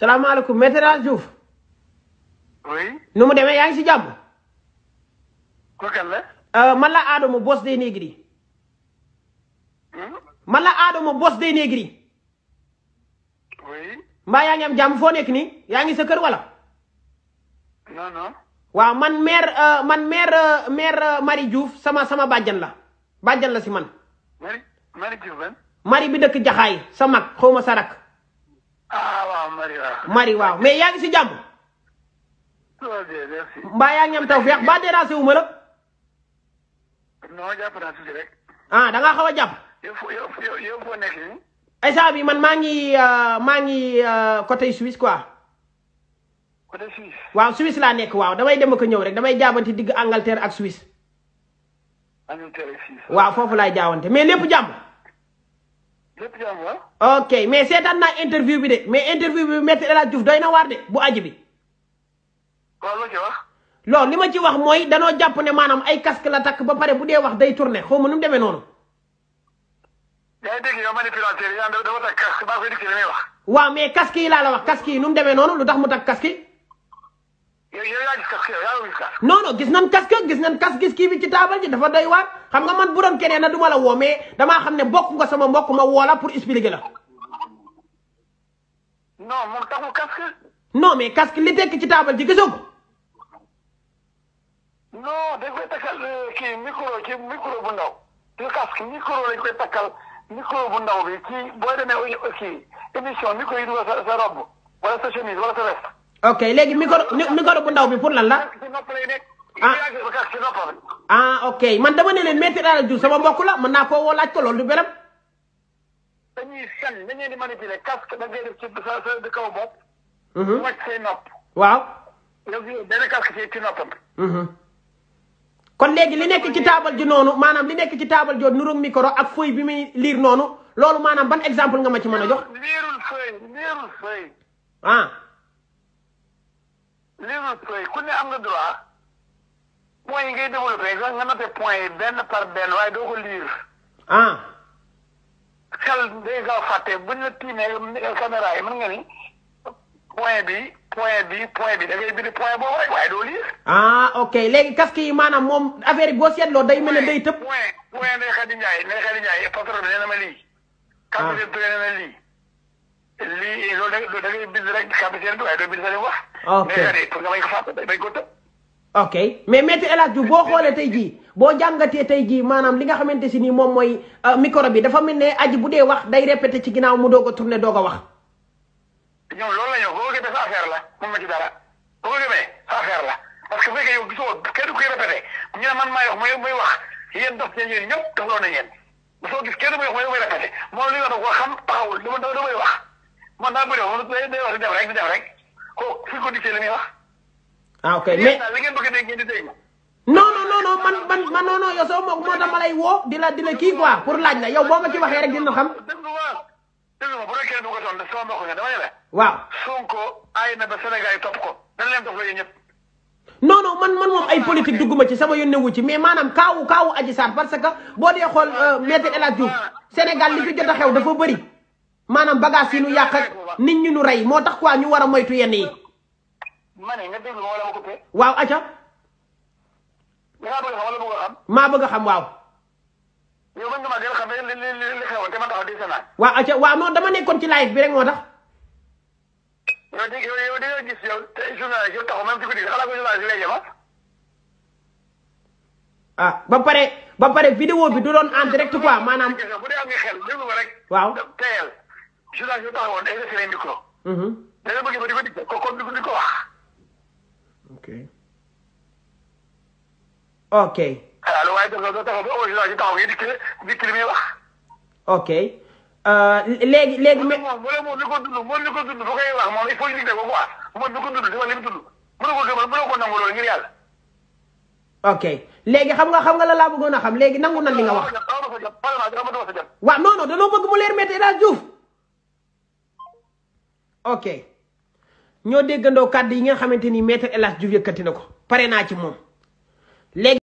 salaamaaleykum Maître El Hadji Diouf. nu mu demee yaa ngi si jàmm. kooku la. Euh, man la Adama Boss des Negri. Hmm? man la Adama Boss des yaa ngi am jàmm foo nekk nii yaa ngi sa kër wala. non non. waaw man mère euh, man mère euh, sama sama bàjjan la bàjjan la si man. Marie bi dëkk Jaxaay sa mag xaw ah waaw Marie waaw. waaw mais yaa ngi si jàmm. mbaa yaa ngi am taw feex ba déranger wu ma la. non jàpp ah da ngaa xaw a jàpp. yow man maa ngi euh, maa ngi euh, côté Suisse quoi. côté Suisse. waaw Suisse laa nekk waaw damay dem ak ñëw rek damay jaabante digg Angleterre ak Suisse. Angleterre waaw foofu laay jaawante mais lépp jàmm. ok mais seetaan na interview bi de mais interview bi Maître El Hadj Diouf doy na waar de bu aji bi. loolu li ma ci wax mooy danoo jàpp ne maanaam ay casque la takk ba pare bu dee wax day tourné xaw ma nu demee noonu. waaw mais casque yi laa la wax casque yi nu mu demee noonu lu tax mu takk kaski non non gis nan casque gis nan casque kii bi ci taabal ji dafa doy waar xam nga man bu doon keneen na du ma la woo mais damaa xam ne bokk nga sama bokk ma woo la pour expliquer la. non moom taxul casque. non mais casque li tekk ci taabal ji gisoo ko. non dañ koy takkal euh, kii micro ci micro bu ndaw. ci casque micro lañ koy takkal micro bu ndaw bi ci booy demee kii émission micro yi dugal sa sa wala sa chemise wala sa veste. ok léegi micro micro bu ndaw bi pour lan la. ah ah ok man dama ne leen Maître El Hadji Diouf sama mbokk la mën naa koo woo laaj ko loolu du benam. dañuy sànni dañuy di manipuler casque da ngay def kaw bopp. Mhm. wàcc say waaw. yow benn casque mhm. kon léegi li nekk ci taabal ji noonu maanaam li nekk ci taabal jooju nuroog micro ak feuille bi muy liir noonu loolu maanaam ban exemple nga ma ci mën a jox. liirul réseaux sociaux yi ku ne am nga droit points yi ngay développé nga nga noté points yi benn par benn waaye doo ko lire. ah. xel day gaaw fàtte buñ la tiimee caméra yi mën nga ni point bi point bi point bi da ngay bind point boobu rek waaye doo lire. ah ok léegi casque yi maanaam moom affaire yi boo seetloo day mel ne day tëb. point point Ndeye Khady Ndiaye Ndeye Khady Ndiaye patron bi nee na ma lii. Ah. capitaine a nee na lii. lii loolu da ngay bind rek capitaine bi waaye doo bind sa li wax. ok mais pour nga may ko fàtte day boo xoolee tey jii boo jàngatee tey jii maanaam li nga xamante si nii moom mooy euh, micro bi dafa mel ne aji bu dee wax day répété ci ginnaaw mu doog a tourné doog a wax. ñoom loolu la ñu wax boo ko gëmee na ci dara boo ko la parce que bu man maay wax muy wax yéen dof ñeen yéen ñëpp doxaloon nañ yéen. soo gis moom li nga doon xam taxawul dama damay wax man wax day wax di def rek di rek. kooku su ko gisee li muy ah, ok mais li ngeen bëgg a dégg ngeen di dégg. non non non non man man man non non yow sama mbokk moo tax lay woo di la di la kii pour laaj la yow boo ma ci waxee rek dina xam. dégg nga waaw dégg nga bu doon kenn du ko toll sama mbokk nga dama ne la. waaw Sonko aay na ba Sénégal yi topp ko dana leen topp la yéen ñëpp. non non man man moom ay politique dugguma ci sama yónne wu ci mais maanaam kaawu kaawu Adji Sarr parce que boo dee xool euh, Maître El Hadji Diouf Sénégal li fi jot a xew dafa bëri. maanaam bagage yi nu yàq nit ñi nu rey moo tax waa ñu war a moytu yenn yi. ma ne nga déglu ma waaw acca. maa bëgg a xam waaw. yow man damaa xam li li li xewoon te nekkoon ci live bi rek moo tax. ah ba pare ba pare vidéo bi du doon en direct quoi maanaam. bu dee am nga xel déglu ko waaw journaliste yi taxawoon day retiré micro. da nga bëgg ba di ko dikk ko comme di ko wax. ok. ok. xanaa lu waay def loolu taxaw ba journaliste yi taxaw ngay dikk dikk li muy wax. ok. léegi léegi. moom moom li ko dund moom li ma lim xam nga xam nga la laa bëggoon a xam léegi nangu nan li nga wax. waaw non non danoo ok ñoo déggandoo kàddu yi nga xamante ni maître El Hadj na ko pare naa ci moom léegi